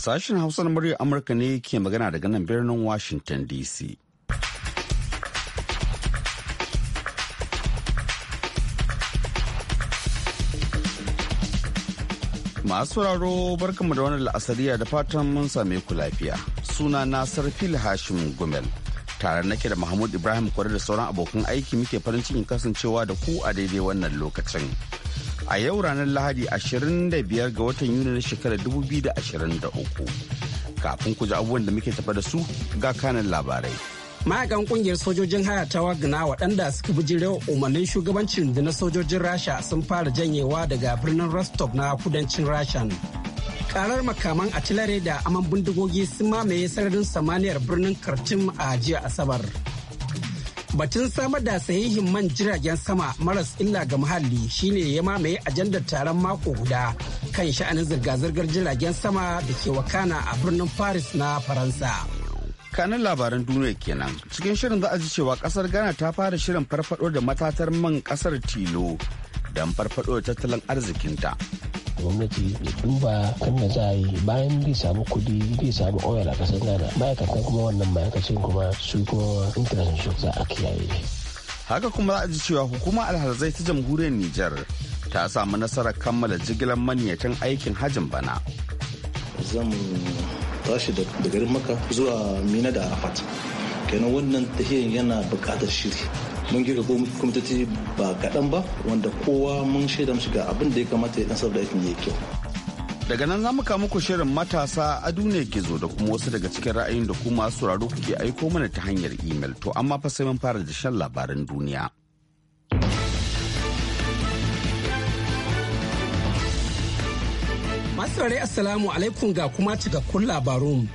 Sashen Hausa na muryar Amurka ne ke magana daga nan birnin Washington DC. Masu sauraro barkanmu da wani la'asariya da fatan mun same ku lafiya. Suna na Sarfil Hashim Gumel. Tare nake da Mahmud Ibrahim kwarar da sauran abokan aiki muke farin cikin kasancewa da ku a daidai wannan lokacin. a yau ranar Lahadi 25 ga watan Yuni na shekarar 2023. Kafin ku ji abubuwan da muke tafa da su ga kanan labarai. ma'aikan kungiyar sojojin haya ta wagna waɗanda suka bi bijirewa umarnin shugabancin da na sojojin Rasha sun fara janyewa daga birnin Rostov na kudancin Rashan. karar makaman atilare da aman bindigogi sun mamaye sararin samaniyar birnin kartim a jiya asabar Batun samar da sahihin man jiragen sama maras illa ga muhalli shine ya mamaye ajandar taron mako guda kan sha'anin zirga-zirgar jiragen sama da ke wakana a birnin Paris na Faransa. kanin labaran duniya kenan cikin shirin za a ji cewa kasar ghana ta fara shirin farfado da matatar man kasar tilo don farfado da tattalin arzikinta gwamnati ya duba kan da za a yi bayan zai samu kudi zai samu oil a kasar ghana ma'aikatan kuma wannan ma'aikacin kuma su kuma intanet za a kiyaye haka kuma za a ji cewa hukumar alhazai ta jamhuriyar Nijar ta samu nasarar kammala jigilar maniyacin aikin hajin bana. Zan tashi da garin maka zuwa Mina da Arafat. Kenan wannan tahiyan yana buƙatar shiri. mun gina kwamitoci ba kaɗan ba wanda kowa mun shaida musu ga abin da ya kamata ya ɗansar da aikin ya kyau daga nan za mu kawo muku shirin matasa a duniya ke zo da kuma wasu daga cikin ra'ayin da kuma sauraro kuke aiko mana ta hanyar imel to amma fa sai mun fara da shan labaran duniya masu rare assalamu alaikum ga kuma cikakkun labarun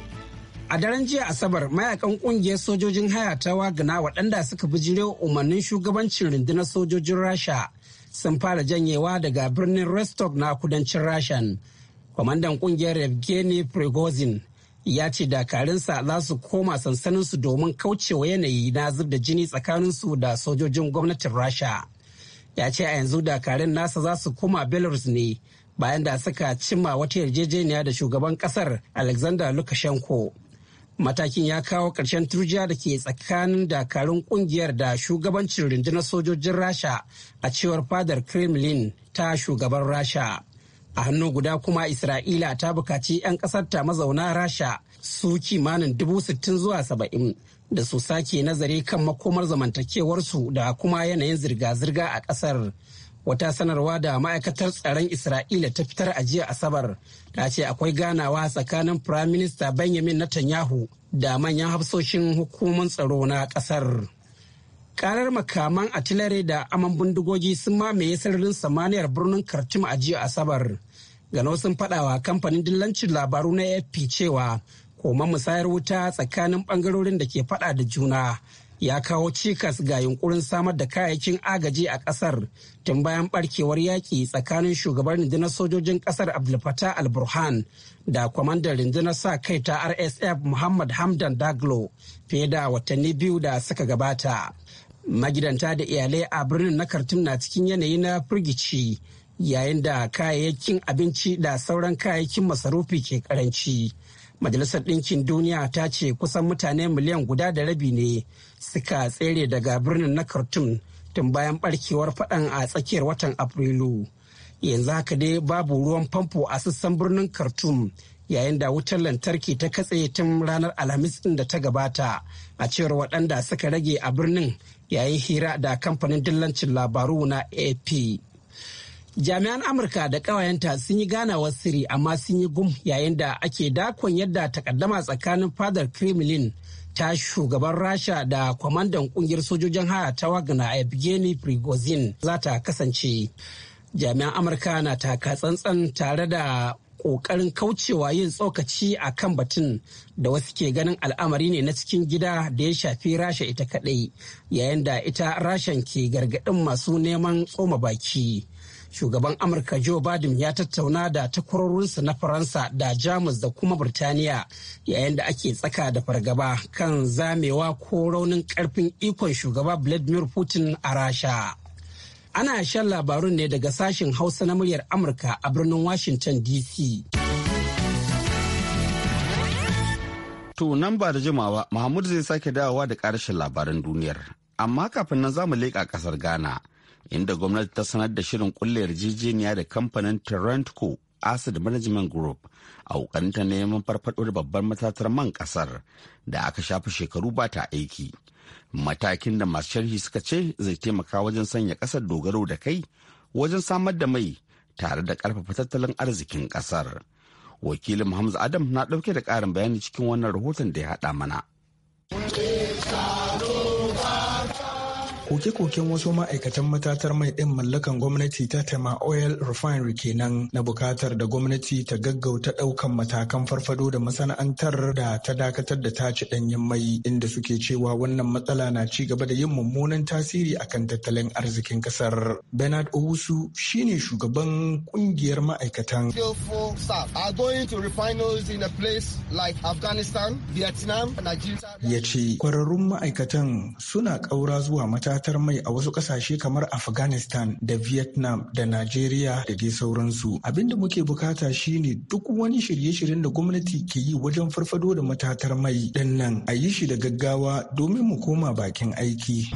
A daren jiya Asabar mayakan kungiyar sojojin haya ta wagana waɗanda suka bijirewa umarnin shugabancin rundunar sojojin Rasha sun fara janyewa daga birnin Rostov na kudancin Rashan. Kwamandan kungiyar Evgeny Prigozhin ya ce dakarunsa za su koma sansaninsu domin kaucewa yanayi na zub da jini tsakaninsu da sojojin gwamnatin Rasha. Ya ce a yanzu dakarun nasa za su koma Belarus ne bayan da suka cimma wata yarjejeniya da shugaban kasar Alexander Lukashenko. Matakin ya kawo ƙarshen turjiya da ke tsakanin dakarun ƙungiyar da shugabancin rundunar sojojin Rasha a cewar fadar Kremlin ta shugaban Rasha. A hannu guda kuma Isra'ila ta bukaci 'yan ƙasarta mazauna Rasha su kimanin dubu sittin zuwa saba'in da su sake nazari kan makomar zamantakewarsu da kuma yanayin zirga-zirga a ƙasar. wata sanarwa da ma'aikatar tsaron isra'ila ta fitar a jiya asabar ta ce akwai ganawa tsakanin prime minister benjamin netanyahu da manyan hafsoshin hukumar tsaro na kasar karar makaman atilare da aman bindigogi sun mamaye sararin samaniyar birnin khartoum a jiya asabar gano sun fadawa kamfanin dillancin labaru na afp cewa koma musayar wuta tsakanin bangarorin da ke fada da juna ya kawo cikas ga yunkurin samar da kayayyakin agaji a kasar tun bayan barkewar yaƙi tsakanin shugaban rundunar sojojin kasar abdulfatah al-burhan da kwamandan rundunar sa kai ta rsf muhammad hamdan daglo fiye da watanni biyu da suka gabata magidanta da iyalai a birnin na kartun na cikin yanayi na firgici yayin da kayayyakin abinci da sauran kayayyakin masarufi ke karanci. Majalisar Ɗinkin Duniya ta ce kusan mutane miliyan guda da rabi ne suka tsere daga birnin na Khartoum tun bayan barkewar faɗan a tsakiyar watan Afrilu. Yanzu haka dai babu ruwan famfo a sassan birnin Khartoum yayin da wutar lantarki ta katse tun ranar Alhamis ɗin da ta gabata a cewar waɗanda suka rage a birnin yayin hira da kamfanin dillancin labaru na AP. jami'an amurka da ƙawayenta sun yi ganawar sirri amma sun yi gum yayin da ake dakon yadda takaddama tsakanin fadar kremlin ta shugaban rasha da kwamandan kungiyar sojojin haya ta wagner evgeny prigozhin za ta kasance jami'an amurka na taka tsantsan tare da kokarin kaucewa yin tsokaci a kan batun da wasu ke ganin al'amari ne na cikin gida da ya shafi rasha ita kadai yayin da ita rashan ke gargaɗin masu neman tsoma baki shugaban amurka joe biden ya tattauna da takwarorinsa na faransa da jamus da kuma birtaniya yayin da ake tsaka da fargaba kan zamewa ko raunin karfin ikon shugaba vladimir putin a rasha ana shan labarun ne daga sashen hausa na muryar amurka a birnin washington dc to nan ba da jimawa mahmud zai sake dawowa da karshen labaran duniyar amma kafin nan za mu leƙa ƙasar ghana inda gwamnati ta sanar da shirin kulle yarjejeniya da kamfanin Terentco Acid Management Group a ta neman farfado da babbar matatar man ƙasar, da aka shafi shekaru ba ta aiki. Matakin da masu sharhi suka ce zai taimaka wajen sanya ƙasar dogaro da kai wajen samar da mai tare da karfafa tattalin arzikin ƙasar. Wakilin Hamza Adam na ɗauke da ƙarin bayani cikin wannan rahoton da ya haɗa mana. koke-koken wasu ma'aikatan matatar mai ɗin mallakan gwamnati ta tema oil refinery kenan na bukatar da gwamnati ta gaggauta ɗaukan matakan farfado da masana'antar da ta dakatar da taci ɗanyen mai inda suke cewa wannan matsala na ci gaba da yin mummunan tasiri akan tattalin arzikin ƙasar. Bernard Owusu shine shugaban ƙungiyar ma'aikatan. Ya ce kwararrun ma'aikatan suna ƙaura zuwa mata gabatar mai a wasu kasashe kamar afghanistan da vietnam da najeriya da dai sauransu abinda muke bukata shine duk wani shirye-shiryen da gwamnati ke yi wajen farfado da matatar mai din nan a yi shi da gaggawa domin mu koma bakin aiki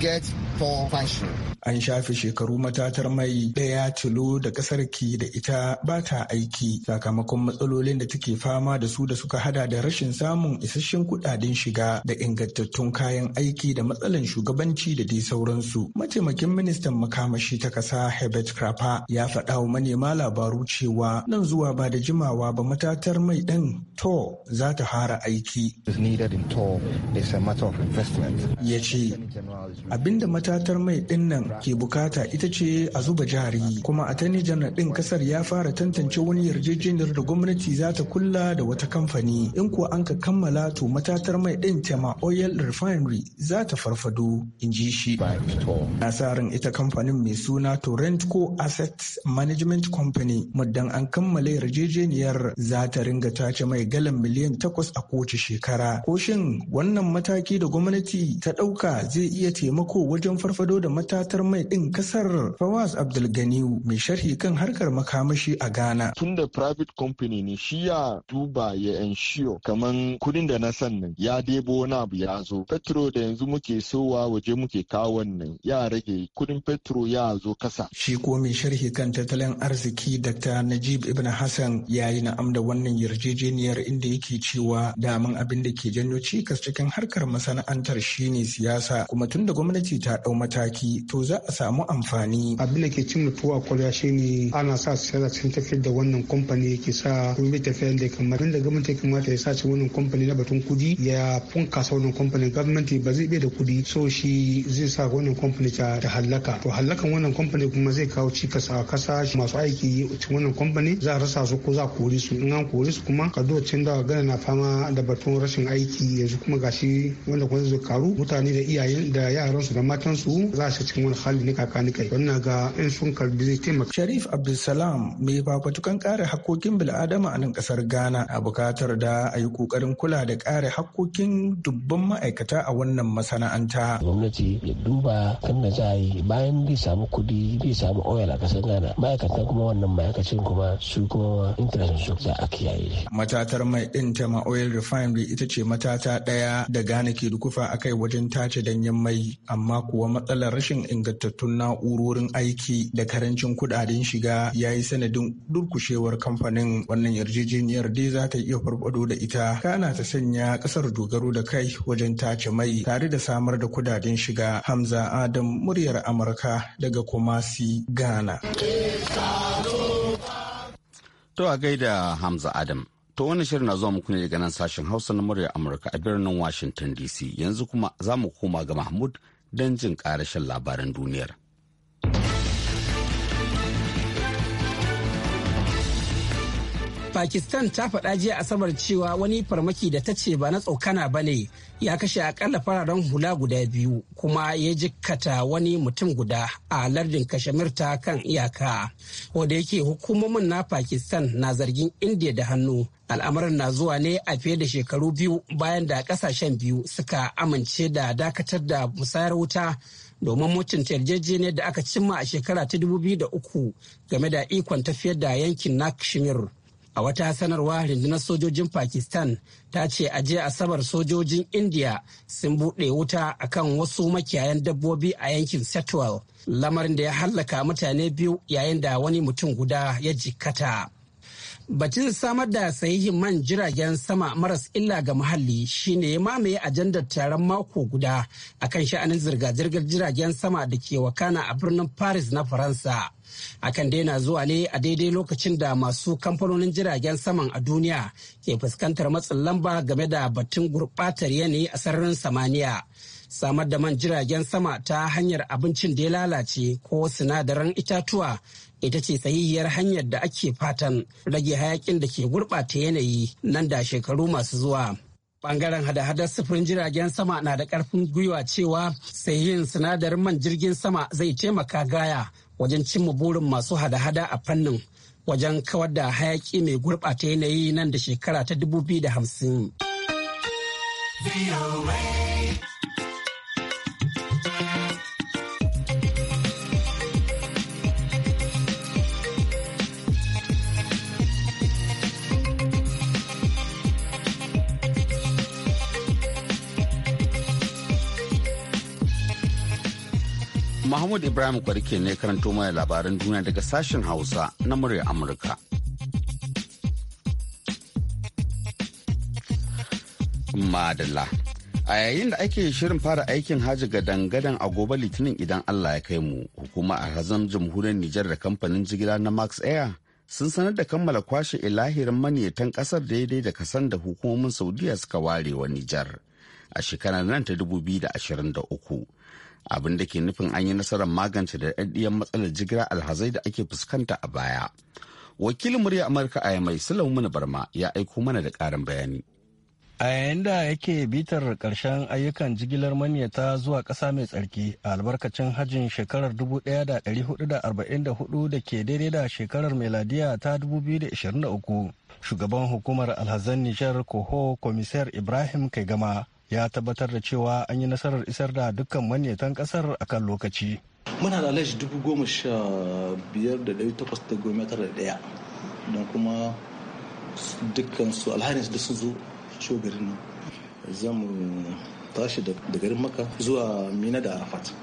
an shafe shekaru matatar mai daya tilo da kasar ki da ita ba ta aiki sakamakon matsalolin da take fama da su da suka hada da rashin samun isasshen kudaden shiga da ingantattun kayan aiki da matsalan shugabanci da dai sauran sauransu. Mataimakin ministan makamashi ta ƙasa Herbert Krapa ya faɗa wa manema labaru cewa nan zuwa ba da jimawa ba matatar mai ɗin to za ta fara aiki. Ya ce, abinda matatar mai ɗin nan ke bukata ita ce a zuba jari kuma a tani janar ɗin kasar ya fara tantance wani yarjejeniyar da gwamnati za ta kulla da wata kamfani in kuwa an ka kammala to matatar mai ɗin tema oil refinery za ta farfado in ji shi. Nasarin ita kamfanin mai suna Torrent ko Asset Management Company muddan an kammala yarjejeniyar za ta ringa tace mai galan miliyan takwas a kowace shekara. Ko shin wannan mataki da gwamnati ta ɗauka zai iya taimako wajen farfado da matatar mai ɗin kasar Fawaz abdulganiu mai sharhi kan harkar makamashi a Ghana. Tun da private company ne shi ya duba ya ensure kamar kudin da na sannan ya debo wani abu ya zo. Petro da yanzu muke sowa waje muke kawo kuɗin nan ya rage kuɗin petro ya zo kasa. Shi ko mai sharhi kan tattalin arziki Dr. Najib Ibn Hassan ya yi na'am da wannan yarjejeniyar inda yake cewa daman abin da ke janyo cikas cikin harkar masana'antar shine siyasa kuma tun da gwamnati ta dau mataki to za a samu amfani. Abin da ke cin mutuwa kwarya shine ana sa siyasa sun tafiyar da wannan kamfani ke sa kuma tafiyar da kamar da gwamnati kamata ya sa cin wannan kamfani na batun kudi ya sa wannan kamfanin gwamnati ba zai iya da kudi so shi zai sa wannan kamfani ta hallaka to hallakan wannan kamfani kuma zai kawo cikas a kasa masu aiki cikin wannan kamfani za a rasa su ko za a kori su in an kori su kuma cin da gana na fama da batun rashin aiki yanzu kuma gashi wanda kuma zai karu mutane da iyayen da yaran su da matan su za su cikin wani hali na kakani kai wannan ga in sun karbi zai taimaka Sharif Abdulsalam mai fafatukan kare hakkokin bil'adama a nan kasar Ghana a bukatar da a yi kokarin kula da kare hakkokin dubban ma'aikata a wannan masana'anta gwamnati ya duba ba wannan za a yi bayan bai samu kuɗi bai samu oil a kasar ghana ma'aikatan kuma wannan ma'aikacin kuma su kuma interest su za a kiyaye. matatar mai din ta ma oil refinery ita ce matata ɗaya da gane ke dukufa a kai wajen tace danyen mai amma kuwa matsalar rashin ingantattun na'urorin aiki da karancin kudaden shiga ya yi sanadin durkushewar kamfanin wannan yarjejeniyar dai za ta iya farfado da ita kana ta sanya ƙasar dogaro da kai wajen tace mai tare da samar da kudaden shiga hamza Hamza Adam muryar Amurka daga Kumasi, Ghana. To a gaida Hamza Adam. To wani shirin na zuwa muku ne daga nan sashen Hausa na muryar Amurka a birnin Washington DC. Yanzu kuma za mu koma ga Mahmud don jin shan labaran duniyar. Pakistan ta faɗa jiya Asabar cewa wani farmaki da ta ce ba na tsokana ba ne ya kashe akalla fararen hula guda biyu kuma ya jikkata wani mutum guda a lardin Kashmir ta kan iyaka. Wanda yake hukumomin na Pakistan na zargin indiya da hannu. Al'amarin na zuwa ne a fiye da shekaru biyu bayan da kasashen biyu suka amince da dakatar da musayar wuta domin mutunta yarjejeniyar da aka cimma a shekara ta 2003 game da ikon tafiyar da yankin na Kashmir. A wata sanarwa rundunar sojojin Pakistan ta ce a je asabar sojojin India sun buɗe wuta akan wasu makiyayan dabbobi a yankin Setwal, lamarin da ya hallaka mutane biyu yayin da wani mutum guda ya jikkata. Batun samar da sahihin man jiragen sama maras illa ga muhalli shine ya mamaye ajandar taron mako guda a kan sha'anin zirga-zirgar jiragen sama da ke wakana a birnin Paris na Faransa. Akan daina zuwa ne a daidai lokacin da masu kamfanonin jiragen saman a duniya ke fuskantar matsin lamba game da batun gurɓatar yanayi a sararin samaniya. Samar da man jiragen sama ta hanyar abincin da ya lalace ko sinadaran itatuwa ita ce tsayayyar hanyar da ake fatan rage hayakin da ke gurɓata yanayi nan da shekaru masu zuwa. Bangaren hada-hadar sufurin jiragen sama na da ƙarfin gwiwa cewa yin sinadarin man jirgin sama zai taimaka gaya wajen cimma burin masu hada-hada a fannin wajen kawar da hayaƙi mai gurɓata yanayi nan da shekara ta dubu biyu da hamsin. Mahmud Ibrahim Kwarke ne karanto mai labaran duniya daga sashen Hausa na murya Amurka. madala A yayin da ake shirin fara aikin haji ga dangadan a gobe litinin idan Allah ya kai mu, hukuma a hazan jamhuriyar Nijar da kamfanin jigila na Max Air sun sanar da kammala kwashe ilahirin maniyatan kasar daidai da kasan da hukumomin Saudiya suka ware wa Nijar a shekarar nan ta 2023. abin da ke nufin an yi nasarar magance da ɗaɗɗiyar matsalar jigilar alhazai da ake fuskanta a baya. Wakilin murya Amurka a mai mana Barma ya aiko mana da ƙarin bayani. A yayin da yake bitar ƙarshen ayyukan jigilar manyata zuwa ƙasa mai tsarki a albarkacin hajjin shekarar 1444 da ke daidai da shekarar meladiya ta 2023, shugaban hukumar alhazan Nijar Koho Komisar Ibrahim gama. ya tabbatar da cewa an yi nasarar isar da dukkan manyatan kasar a kan lokaci. Muna da alaji dubu goma sha biyar da ɗari takwas da goma tara da ɗaya don kuma dukkan su alhari da sun zo garin nan. Zan mu tashi da garin maka zuwa mina da arafat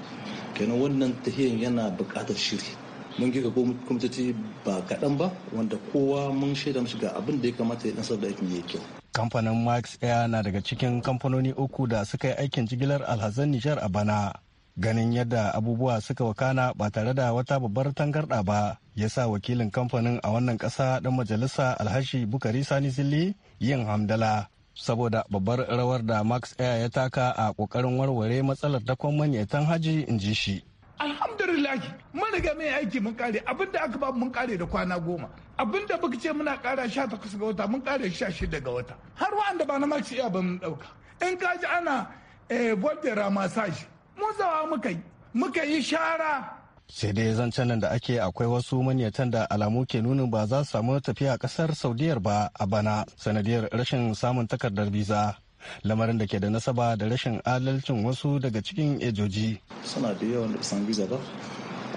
kenan wannan tahiyan yana buƙatar shiri mun girka kwamitoci ba kaɗan ba wanda kowa mun shaida mashi ga abin da ya kamata ya ɗansar da aikin yake. kyau Kamfanin Max Air na daga cikin kamfanoni uku da suka yi aikin jigilar alhazan Nijar a bana. Ganin yadda abubuwa suka wakana ba tare da wata babbar tangarɗa ba, ya sa wakilin kamfanin a wannan ƙasa ɗan majalisa Alhashi Bukari Sani Zilli yin hamdala. Saboda babbar rawar da Max Air ya taka a ƙoƙarin warware matsalar dakon manyatan haji in ji shi. Alhamdulillahi riga mai aiki mun kare abin da aka ba mun kare da kwana goma abin da muka ce muna kara sha takwas ga wata mun kare sha shida ga wata har wa'anda ba na maci iya ba mun dauka in ka ji ana eh, voltera massage mun zawa muka yi muka yi shara sai dai zancen nan da ake akwai wasu manyatan da alamu ke nuni ba za su samu tafiya kasar saudiyar ba a bana sanadiyar rashin samun takardar biza lamarin da ke da nasaba da rashin adalcin wasu daga cikin ejoji suna da yawan da biza ba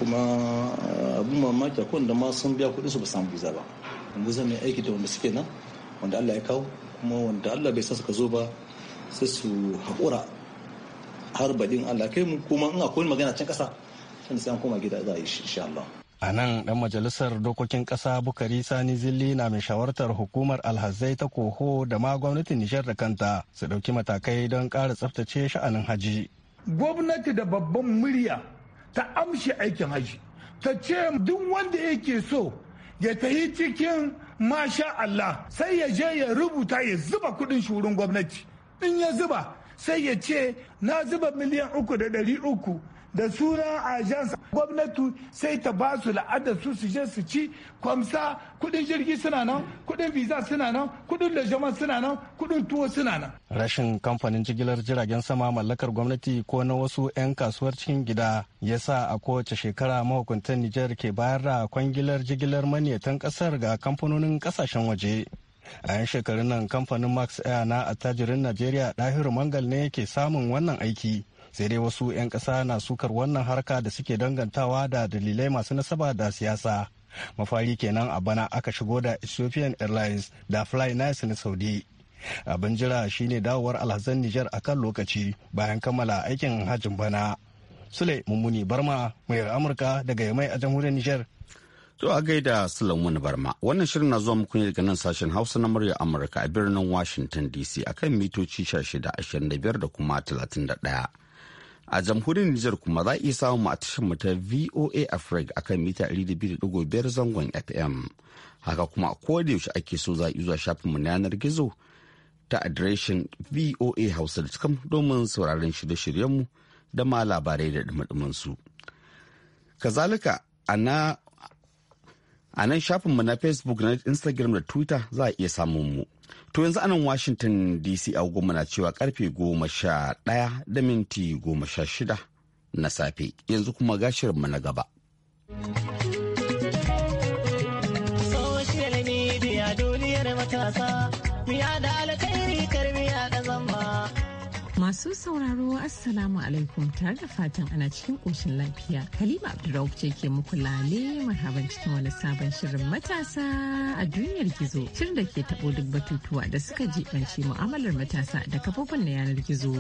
kuma eh, abin mamaki akwai wanda ma sun biya kuɗin su ba samu biza ba yanzu zan yi aiki da wanda suke nan wanda Allah ya kawo kuma wanda Allah bai sa suka zo ba sai su haƙura har baɗin Allah kai mu kuma in akwai magana can ƙasa can sai an koma gida za a yi insha Allah. A nan ɗan majalisar dokokin ƙasa Bukari Sani Zilli na mai shawartar hukumar alhazai ta koho da ma gwamnatin Nijar da kanta su ɗauki matakai don ƙara tsaftace sha'anin haji. Gwamnati da babban murya ta amshi aikin haji ta ce duk wanda yake so ya tafi cikin masha Allah sai ya je ya rubuta ya zuba kudin shurin gwamnati in ya zuba sai ya ce na zuba miliyan uku da ɗari uku da sunan agence gwamnati sai ta ba su la'adar su su je su ci kwamsa kudin jirgi suna nan kudin visa suna nan kudin lojama suna nan kudin tuwo suna nan rashin kamfanin jigilar jiragen sama mallakar gwamnati ko na wasu 'yan kasuwar cikin gida ya sa a kowace shekara mahukuntan nijar ke bayar da kwangilar jigilar maniyatan kasar ga kamfanonin kasashen waje a yan shekarun nan kamfanin max air na attajirin najeriya dahiru mangal ne ke samun wannan aiki sai dai wasu 'yan ƙasa na sukar wannan harka da suke dangantawa da dalilai masu nasaba da siyasa mafari kenan a bana aka shigo da ethiopian airlines da fly na saudi abin jira shine dawowar alhazan niger a kan lokaci bayan kammala aikin hajjin bana sule mummuni barma mayar amurka daga yamai a jamhuriyar niger To a gaida Sulaiman Barma, wannan shirin na zuwa muku ne daga nan sashen Hausa na murya Amurka a birnin Washington DC akan mitoci 25 da kuma 31. a jamhuriyar Nijar kuma za iya samun a tashar mu ta VOA Africa akan mita 200.5 zangon FM. Haka kuma a koda yaushe ake so za zuwa shafinmu na yanar gizo ta adireshin VOA Hausa da domin sauraron shirye-shiryenmu da ma labarai da dumadumansu. Kazalika ana a nan shafinmu na facebook na instagram da twitter za a iya samun mu to yanzu anan washington dc agogonmu na cewa karfe goma sha ɗaya da minti goma sha shida na safe yanzu kuma gashirinmu na gaba social media duniyar matasa Masu sauraro Assalamu alaikum tare da fatan ana cikin koshin lafiya. Halima abdurrahman ce ke muku lale marhaban cikin wani sabon shirin matasa a duniyar gizo. Shirin da ke taɓo duk batutuwa da suka jibanci mu'amalar matasa da kafofin na yanar gizo.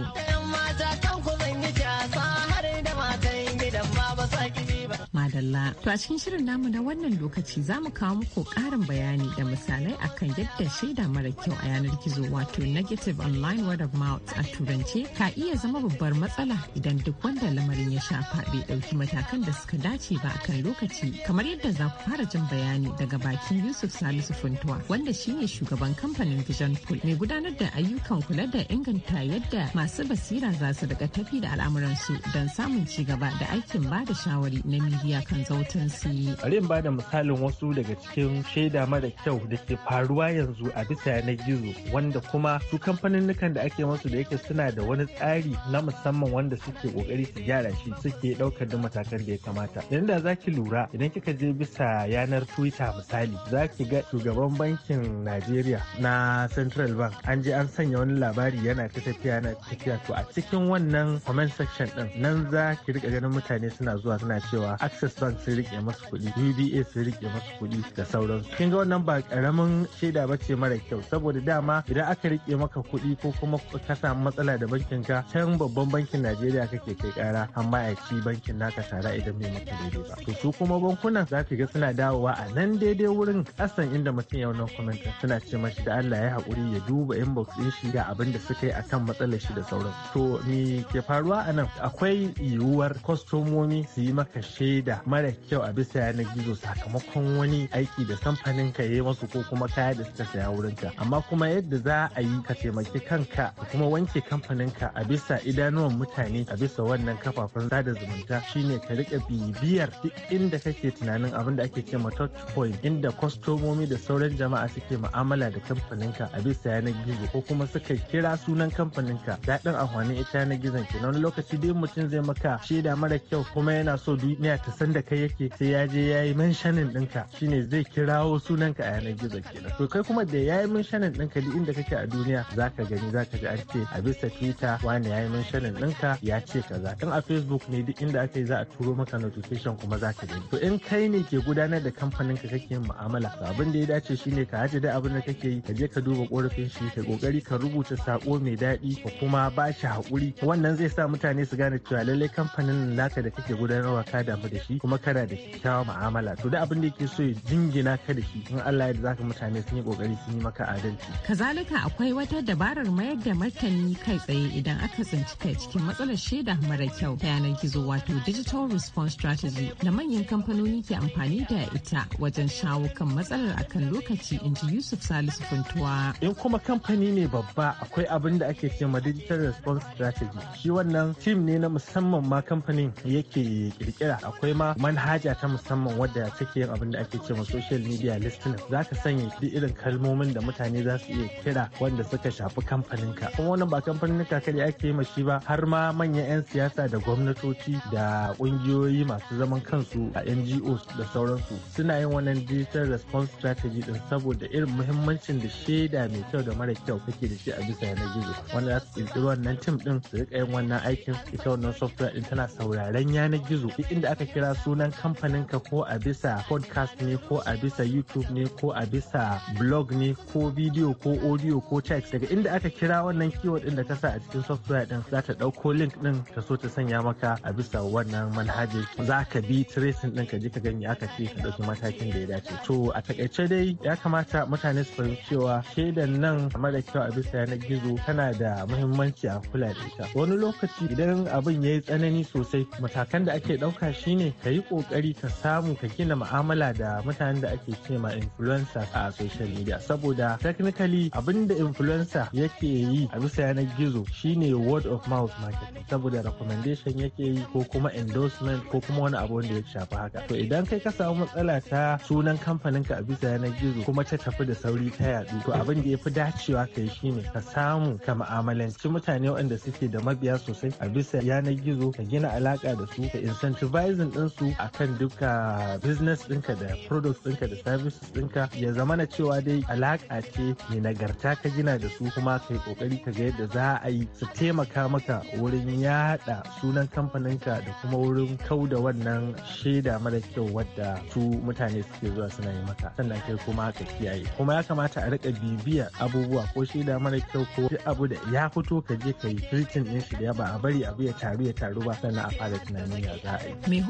madalla. To a cikin shirin namu na wannan lokaci za mu kawo muku ƙarin bayani da misalai akan yadda shaida mara kyau a yanar gizo wato negative online word of mouth a turance ka iya zama babbar matsala idan duk wanda lamarin ya shafa bai ɗauki matakan da suka dace ba akan lokaci kamar yadda za ku fara jin bayani daga bakin Yusuf Salisu Funtuwa wanda shine shugaban kamfanin Vision Pool mai gudanar da ayyukan kula da inganta yadda masu basira za su daga tafi da al'amuransu don samun ci gaba da aikin ba da shawari na media kan zautin su e Bari ba da misalin wasu daga cikin shaida mara kyau da ke faruwa yanzu a bisa yanar gizo wanda kuma su kamfaninnukan da ake masu da yake suna da wani tsari na musamman wanda suke kokari su gyara shi suke daukar duk matakan da ya kamata. Idan da za ki lura idan kika je bisa yanar Twitter misali za ki ga shugaban bankin Najeriya na Central Bank an je an sanya wani labari yana ta tafiya na tafiya to a cikin wannan comment section din nan za ki rika ganin mutane suna zuwa suna cewa access bank sun rike masu kuɗi uba sun rike masu kuɗi da sauransu kin ga wannan ba karamin shaida ba ce mara kyau saboda dama idan aka rike maka kuɗi ko kuma ka samu matsala da bankin ka can babban bankin najeriya kake kai kara ma a ci bankin naka tara idan bai maka daidai ba to su kuma bankunan za ka ga suna dawowa a nan daidai wurin kasan inda mutum ya wannan comment suna ce mashi da allah ya haƙuri ya duba inbox din shi da abin da suka yi akan matsalar shi da sauran to me ke faruwa a nan akwai yiwuwar kwastomomi su yi maka shaida mara kyau a bisa yanar gizo sakamakon wani aiki da kamfanin ka yi masu ko kuma kaya da suka saya wurin amma kuma yadda za a yi ka taimaki kanka da kuma wanke kamfanin ka a bisa idanuwan mutane a bisa wannan kafafen sada zumunta shine ka rika bibiyar duk inda kake tunanin abin da ake cewa touch point inda kwastomomi da sauran jama'a suke mu'amala da kamfanin ka a bisa yanar gizo ko kuma suka kira sunan kamfanin ka daɗin amfanin ita yanar gizon wani lokaci dai mutum zai maka shaida mara kyau kuma yana so duniya ta san da da kai yake sai ya je ya yi manshanin ɗinka shine zai kirawo sunanka a yanar gizo kenan to kai kuma da ya yi manshanin ɗinka duk inda kake a duniya zaka gani zaka ji an ce a bisa twitter wani ya yi manshanin ɗinka ya ce kaza in a facebook ne duk inda aka yi za a turo maka notification kuma zaka gani to in kai ne ke gudanar da kamfanin ka kake yin mu'amala abin da ya dace shine ka haje da abin da kake yi ka je ka duba korafin shi ka kokari ka rubuta sako mai daɗi ka kuma ba shi haƙuri wannan zai sa mutane su gane cewa lallai kamfanin naka da kake gudanarwa ka damu da shi kuma kana da kyakkyawa mu'amala to da abin da yake so ya jingina ka da shi in Allah ya zaka mutane sun yi kokari sun yi maka adalci kazalika akwai wata dabarar mayar da martani kai tsaye idan aka tsinci kai cikin matsalar shaida mara kyau ta yanar gizo wato digital response strategy na manyan kamfanoni ke amfani da ita wajen shawo kan matsalar akan lokaci in ji Yusuf Salisu Funtuwa in kuma kamfani ne babba akwai abin da ake cewa digital response strategy shi wannan team ne na musamman ma kamfanin yake kirkira akwai ma manhaja ta musamman wadda take yin abin da ake ce ma social media listening za ka sanya duk irin kalmomin da mutane za su iya kira wanda suka shafi kamfaninka kuma wannan ba kamfanin ka ake yi shi ba har ma manyan 'yan siyasa da gwamnatoci da kungiyoyi masu zaman kansu a NGOs da sauransu suna yin wannan digital response strategy din saboda irin muhimmancin da shaida mai kyau da mara kyau kake da shi a bisa yanar gizo wanda za su kirkiri wannan tim din su rika wannan aikin ita wannan software din tana sauraren yanar gizo duk inda aka kira sunan kamfanin ka ko a bisa podcast ne ko a bisa YouTube ne ko a bisa blog ne ko video ko audio ko text daga inda aka kira wannan keyword din da ka sa a cikin software din za ta ɗauko link din ta so ta sanya maka a bisa wannan manhaji za ka bi tracing din ka ji ka gani aka ce ka ɗauki matakin da ya dace to a takaice dai ya kamata mutane su fahimci cewa shaidan nan mara kyau a bisa yanar gizo tana da muhimmanci a kula da ita wani lokaci idan abin ya yi tsanani sosai matakan da ake ɗauka shine ka Ka yi kokari ka samu ka gina mu'amala da mutanen da ake ce ma influencer a social media saboda technically abinda influencer yake yi a bisa yanar gizo shine word of mouth marketing saboda recommendation yake yi ko kuma endorsement ko kuma wani abu wanda ya shafi haka to idan kai ka samu matsala ta sunan kamfanin ka a bisa yanar gizo kuma ta tafi da sauri ta yadu to abin da ya fi dacewa kai shine ka samu ka ma'amalanci mutane waɗanda suke da mabiya sosai a bisa yanar gizo ka gina alaka da su ka incentivizing din su kan duka business ɗinka da products ɗinka da services ɗinka ya zama na cewa dai alaƙa ce mai nagarta ka gina da su kuma kai kokari ka ga yadda za a yi su taimaka maka wurin yada sunan kamfaninka da kuma wurin kau da wannan shaida mara kyau wadda su mutane suke zuwa suna yi maka sannan kai kuma ka kiyaye kuma ya kamata a rika bibiya abubuwa ko shaida mara kyau ko duk abu da ya fito ka je ka yi shi da ya ba a bari abu ya taru ya taru ba sannan a fara tunanin ya za a yi.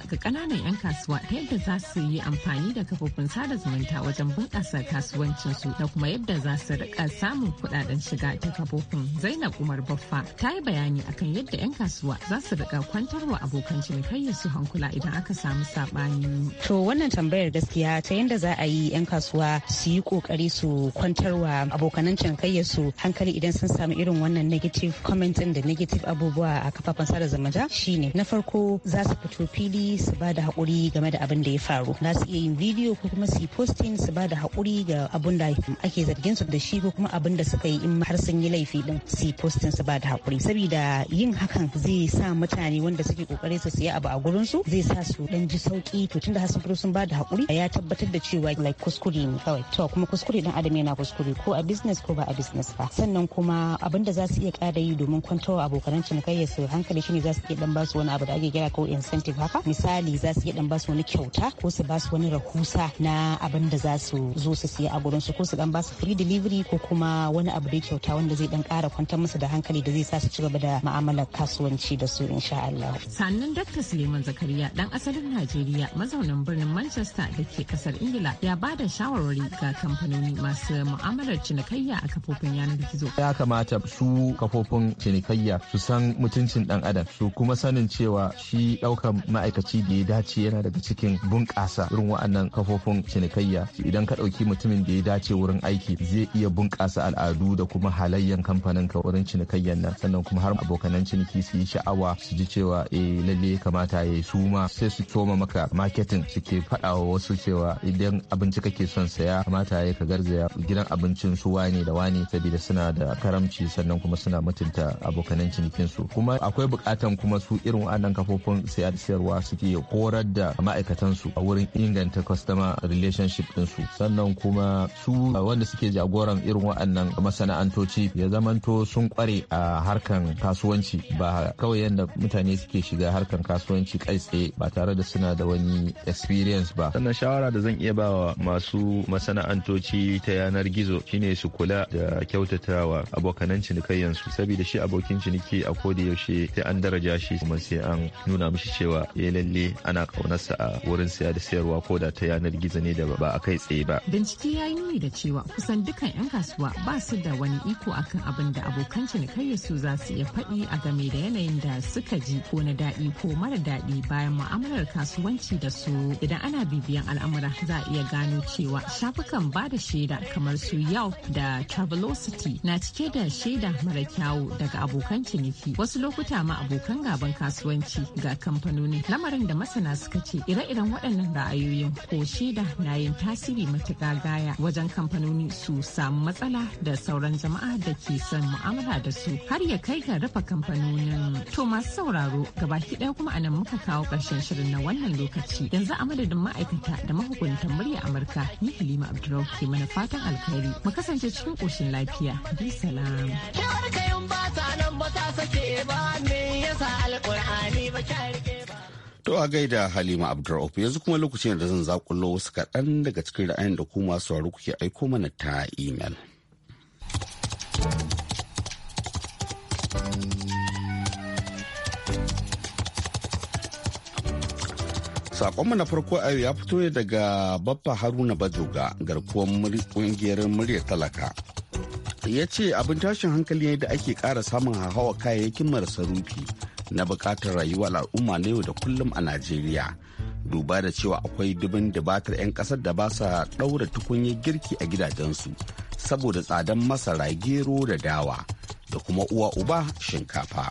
kasuwa ga kananan 'yan kasuwa ta yadda za su yi amfani da kafofin sada zumunta wajen bunƙasa kasuwancinsu da kuma yadda za su riƙa samun kudaden shiga ta kafofin zainab umar baffa ta yi bayani akan yadda 'yan kasuwa za su riƙa kwantarwa abokan cinikayyar su hankula idan aka samu saɓani. to wannan tambayar gaskiya ta yadda za a yi 'yan kasuwa su yi kokari su kwantarwa abokanan cinikayyar hankali idan sun samu irin wannan negative comment da negative abubuwa a kafafen sada zumunta shine na farko za su fito fili haƙuri su ba da haƙuri game da abin da ya faru na su iya yin bidiyo ko kuma su yi posting su ba da haƙuri ga abin da ake zargin su da shi ko kuma abin da suka yi in har sun yi laifi din su yi posting su ba da haƙuri saboda yin hakan zai sa mutane wanda suke kokarin su siya abu a gurin su zai sa su dan ji sauki to tunda har sun fito sun ba da haƙuri ya tabbatar da cewa like kuskure ne kawai to kuma kuskure dan adam yana kuskure ko a business ko ba a business ba sannan kuma abin da za su iya ƙara yi domin kwantawa abokan cinikayya su hankali shine za su iya dan ba su wani abu da ake kira ko incentive haka misali za su iya dan su wani kyauta ko su ba su wani rahusa na abin da za su zo su siya a gurin su ko su dan basu free delivery ko kuma wani abu da kyauta wanda zai dan kara kwantar musu da hankali da zai sa su ci gaba da ma'amalar kasuwanci da su insha Allah. Sannan Dr. Suleiman Zakariya dan asalin Najeriya mazaunin birnin Manchester da ke kasar Ingila ya ba da shawarwari ga kamfanoni masu mu'amalar cinikayya a kafofin yanar gizo. Ya kamata su kafofin cinikayya su san mutuncin dan adam su kuma sanin cewa shi daukan ma'aikata lokaci da ya dace yana daga cikin bunƙasa irin wa'annan kafofin cinikayya idan ka ɗauki mutumin da ya dace wurin aiki zai iya bunƙasa al'adu da kuma halayyan kamfanin ka wurin cinikayyan nan sannan kuma har abokanan ciniki su yi sha'awa su ji cewa eh lalle kamata ya su ma sai su coma maka marketing suke faɗa wa wasu cewa idan abinci kake son saya kamata ya ka garzaya gidan abincin su wane da wane saboda suna da karamci sannan kuma suna mutunta abokanan cinikinsu su kuma akwai buƙatan kuma su irin wa'annan kafofin saya da sayarwa su suke horar da ma'aikatansu a wurin inganta customer relationship ɗinsu sannan kuma su wanda suke jagoran irin wa'annan masana'antoci ya zamanto sun kware a harkan kasuwanci ba kawai yadda mutane suke shiga harkan kasuwanci kai tsaye ba tare da suna da wani experience ba sannan shawara da zan iya ba wa masu masana'antoci ta yanar gizo shine su kula da kyautatawa abokanan cinikayyansu saboda shi abokin ciniki a koda yaushe sai an daraja shi kuma sai an nuna mishi cewa eh, lalle ana kaunarsa a wurin siya da sayarwa ko da ta yanar gizo ne da ba a kai tsaye ba. Bincike ya yi nuni da cewa kusan dukkan 'yan kasuwa ba su da wani iko akan abin da abokan cinikayya su za su iya faɗi a game da yanayin da suka ji ko na daɗi ko mara daɗi bayan mu'amalar kasuwanci da su idan ana bibiyan al'amura za a iya gano cewa shafukan ba da shaida kamar su yau da Travelocity na cike da shaida mara kyawu daga abokan ciniki wasu lokuta ma abokan gaban kasuwanci ga kamfanoni. lamarin da masana suka ce ire-iren waɗannan ra'ayoyin ko shaida na yin tasiri matuƙa gaya wajen kamfanoni su samu matsala da sauran jama'a da ke son mu'amala da su har ya kai ga rufe kamfanonin to masu sauraro gabaki ɗaya kuma anan muka kawo ƙarshen shirin na wannan lokaci yanzu a madadin ma'aikata da mahukuntan murya amurka ni halima abdurrahman ke mana fatan alkhairi mu kasance cikin ƙoshin lafiya bi salam ba ta nan ba ta sake ba me yasa alƙur'ani ba To a gaida Halima Abdurrauf yanzu kuma lokacin da zan zakullo wasu kaɗan daga cikin ra'ayin da kuma masu sauraro kuke aiko mana ta imel. Sakonmu na farko a ya fito ne daga Baffa Haruna Bajoga garkuwar kungiyar murya talaka. Ya ce abin tashin hankali ne da ake ƙara samun hawa kayayyakin marasa rufi na bukatar rayuwar al'umma na yau da kullum a najeriya duba da cewa akwai dubin dubatar 'yan kasar da ba sa ɗaura tukunyar girki a gidajensu saboda tsadan masara gero da dawa da kuma uwa uba shinkafa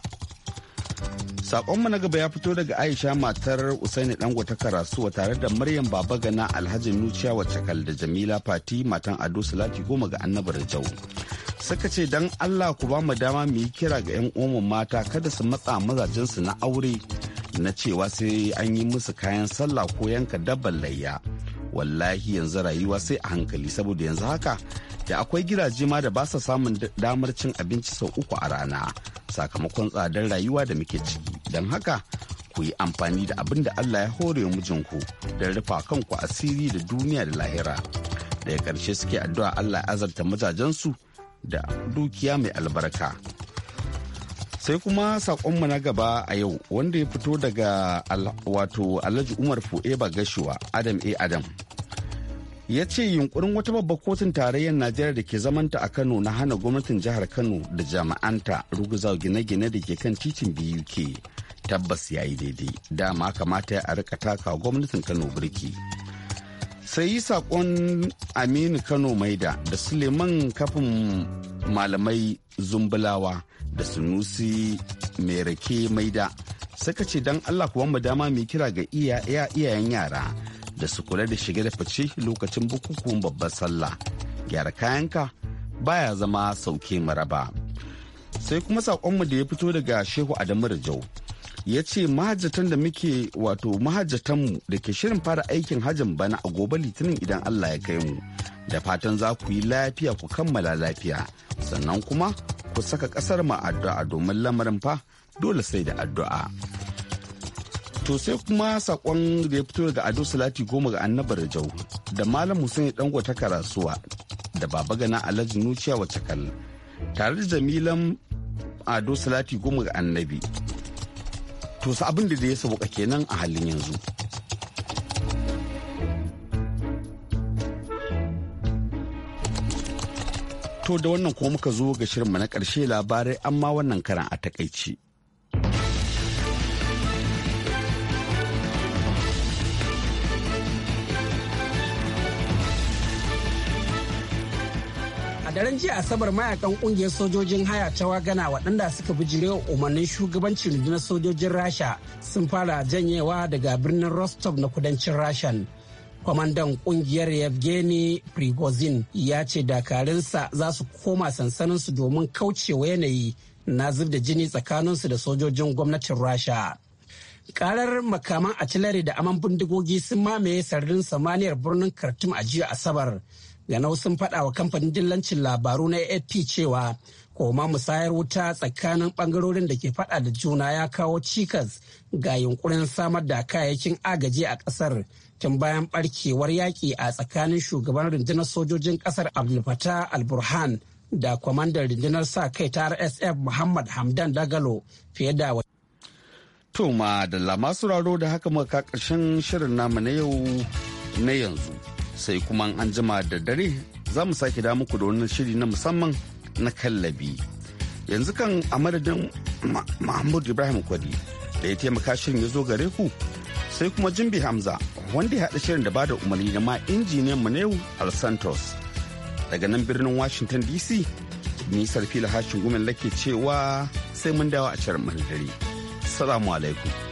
Sakonmu na gaba ya fito daga Aisha matar Usaini Dango ta karasuwa tare da Maryam baba gana Alhaji Nuciya wacce kal da Jamila Fati matan Ado Salati goma ga Annabar Jau. suka ce don Allah ku ba mu dama mu yi kira ga 'yan uwan mata kada su matsa mazajensu na aure na cewa sai an yi musu kayan sallah ko yanka dabban layya. Wallahi yanzu rayuwa sai a hankali saboda yanzu haka da akwai gidaje ma da ba sa samun damar cin abinci sau uku a rana sakamakon tsadar rayuwa da muke ciki. Don haka ku yi amfani da abin da Allah ya hore mijinku don rufa kanku asiri da duniya da lahira. Daga ƙarshe suke addu'a Allah ya azarta mazajensu. su da dukiya mai albarka sai kuma saƙonmu na gaba a yau wanda ya fito daga wato alhaji umar fu'eba gashuwa adam a adam ya ce yunkurin wata babbar kotun tarayyar najeriya da ke zamanta a kano na hana gwamnatin jihar kano da jami'anta ruguza gine-gine da ke kan titin biyu ke tabbas ya yi daidai dama kamata a rika taka gwamnatin kano birki sai yi saƙon aminu kano maida da suleiman kafin malamai zumbulawa da sunusi mai rake maida suka ce don allah kuwa mu dama mai kira ga iyayen yara da su kula da shige da fice lokacin bukukuwan babbar sallah gyara kayanka baya zama sauke maraba sai kuma saƙonmu da ya fito daga shehu adamu rajau ya ce mahajjatan da muke wato mahajjatanmu da ke shirin fara aikin hajjin bana a gobe litinin idan allah ya kai mu da fatan za ku yi lafiya ku kammala lafiya sannan kuma ku saka kasar mu addu'a domin lamarin fa dole sai da addu'a to sai kuma sakon da ya fito daga ado salati goma ga annabar jau da malam hussein dango ta karasuwa da baba gana alhaji nuciya wacce kal tare da jamilan ado salati goma ga annabi to su abin da ya sabuka kenan a halin yanzu to da wannan kuma muka zo ga shirinmu na ƙarshe labarai amma wannan karan a takaici daren jiya asabar mayakan kungiyar sojojin haya ta wagana waɗanda suka wa umarnin shugabancin rundunar sojojin rasha sun fara janyewa daga birnin rostov na kudancin rashan kwamandan kungiyar yevgeni prigozin ya ce dakarunsa za su koma sansaninsu domin kaucewa yanayi na da jini tsakaninsu da sojojin gwamnatin rasha karar makaman atilare da aman bindigogi sun mamaye sararin samaniyar birnin khartoum a jiya asabar ganau sun faɗa wa kamfanin dillancin labaru na afp cewa koma musayar wuta tsakanin ɓangarorin da ke faɗa da juna ya kawo cikas ga yunkurin samar da kayayyakin agaji a ƙasar tun bayan ɓarkewar yaƙi a tsakanin shugaban rundunar sojojin ƙasar abdulfata al-burhan da kwamandan rundunar sa kai ta rsf muhammad hamdan dagalo fiye da To ma da lama sauraro da haka muka karshen shirin namu na yau na yanzu sai kuma an jima da dare za mu sake da muku da wani shiri na musamman na kallabi yanzu kan a madadin mahmud ibrahim kwadi da ya taimaka shirin ya zo gare ku sai kuma jimbi hamza wanda ya haɗa shirin da ba da umarni da ma injiniyan mu yau al santos daga nan birnin washington dc nisar fila hashin gumin lake cewa sai mun dawo a cikin dare salamu alaikum